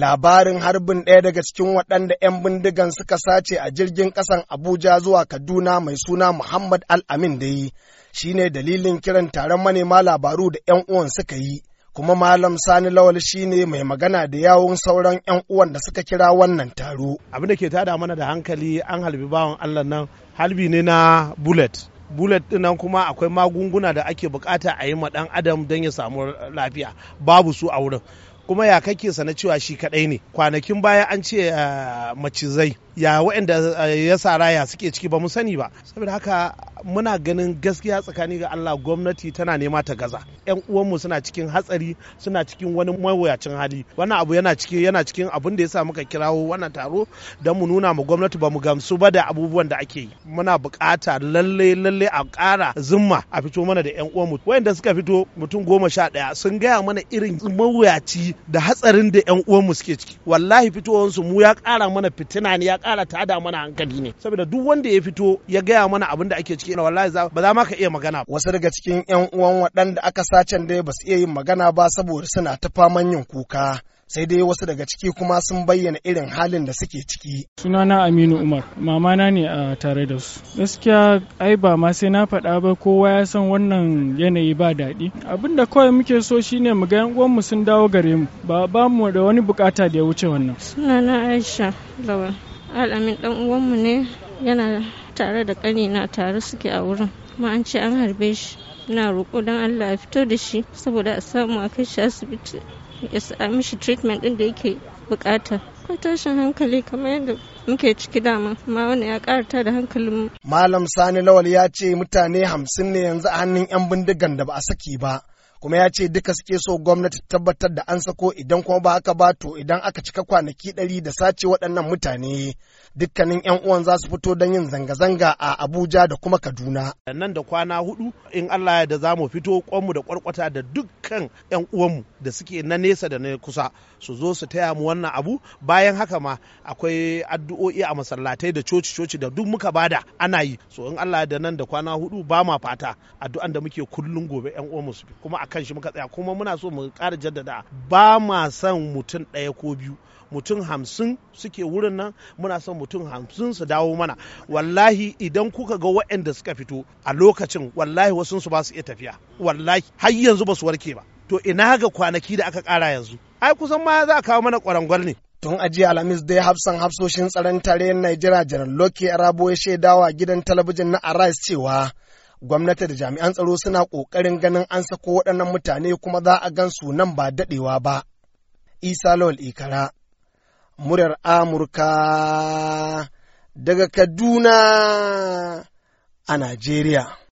labarin harbin ɗaya daga cikin waɗanda 'yan bindigan suka sace a jirgin ƙasan abuja zuwa kaduna mai suna muhammad Al'amin da yi shine dalilin kiran taron manema labaru da 'yan uwan suka yi kuma malam sani lawal shine mai magana da yawun sauran 'yan uwan da suka kira wannan taro abin da ke tada mana da hankali an halbi bawan allah nan halbi ne na bullet bullet nan kuma akwai magunguna da ake bukata a yi ma dan adam don ya samu lafiya babu su a wurin kuma ya kake sana cewa shi kaɗai ne kwanakin baya an ce eh, macizai ya waɗanda eh, ya sara ya suke ciki ba mu sani ba saboda haka muna ganin gaskiya tsakani ga Allah gwamnati tana nema ta gaza yan uwanmu suna cikin hatsari suna cikin wani mawuyacin hali wannan abu yana cikin yana cikin abin da ya sa muka kirawo wannan taro don mu nuna ma gwamnati ba mu gamsu ba da abubuwan da ake yi muna bukata lallai lallai a ƙara zumma a fito mana da yan uwanmu waɗanda suka fito mutum goma sha ɗaya sun gaya mana irin mawuyaci da hatsarin da yan uwanmu suke ciki wallahi fitowansu mu ya kara mana fitina ne ya ƙara tada mana hankali ne saboda duk wanda ya fito ya gaya mana abin da ake ciki na wallahi ba za ma ka iya magana wasu daga cikin yan uwan waɗanda aka sacen dai ba su iya yin magana ba saboda suna ta faman yin kuka sai dai wasu daga ciki kuma sun bayyana irin halin da suke ciki. Sunana Aminu Umar, mamana ne a tare da su. Gaskiya ai ba ma sai na faɗa ba kowa ya san wannan yanayi ba daɗi. Abin da kawai muke so shine mu ga 'yan mu sun dawo gare mu, ba ba mu da wani bukata da ya wuce wannan. Sunana Aisha Lawal, alamin ɗan uwanmu ne yana tare da ƙanina tare suke a wurin. Kuma an ce an harbe shi. Ina roƙo don Allah a fito da shi saboda a samu a kai shi asibiti ya sa mishi treatment din da yake bukata akwai tashin hankali kamar yadda muke ciki dama amma wani ya karata da hankalin malam sani lawal ya ce mutane hamsin ne yanzu a hannun yan bindigan da ba a saki ba kuma ya ce duka suke so gwamnati tabbatar da an sako idan kuma ba haka ba to idan aka cika kwanaki ɗari da sace waɗannan mutane dukkanin 'yan uwan za su fito don yin zanga-zanga a abuja da kuma kaduna nan da kwana hudu in allah ya da za mu fito kwanmu da kwarkwata da dukkan 'yan uwanmu da suke na nesa da na kusa su zo su taya mu wannan abu bayan haka ma akwai addu'o'i a masallatai da coci-coci da duk muka bada ana yi so in allah ya da nan da kwana hudu ba ma fata addu'an da muke kullum gobe 'yan uwanmu su kuma a kan shi muka tsaya kuma muna so mu ƙara jaddada ba ma son mutum ɗaya ko biyu mutum hamsin suke wurin nan muna son mutum hamsin su dawo mana wallahi idan kuka ga waɗanda suka fito a lokacin wallahi wasu su ba su iya tafiya wallahi har yanzu ba su warke ba to ina ga kwanaki da aka ƙara yanzu ai kusan ma za a kawo mana kwarangwal ne tun a jiya alhamis dai hafsan hafsoshin tsaron tarayyar najeriya jiran loke arabo ya shaidawa gidan talabijin na arise cewa gwamnati da jami'an tsaro suna ƙoƙarin ganin an sako waɗannan mutane kuma za a gan su nan ba daɗewa ba. Isa Lawal Ikara, muryar Amurka daga Kaduna a Najeriya.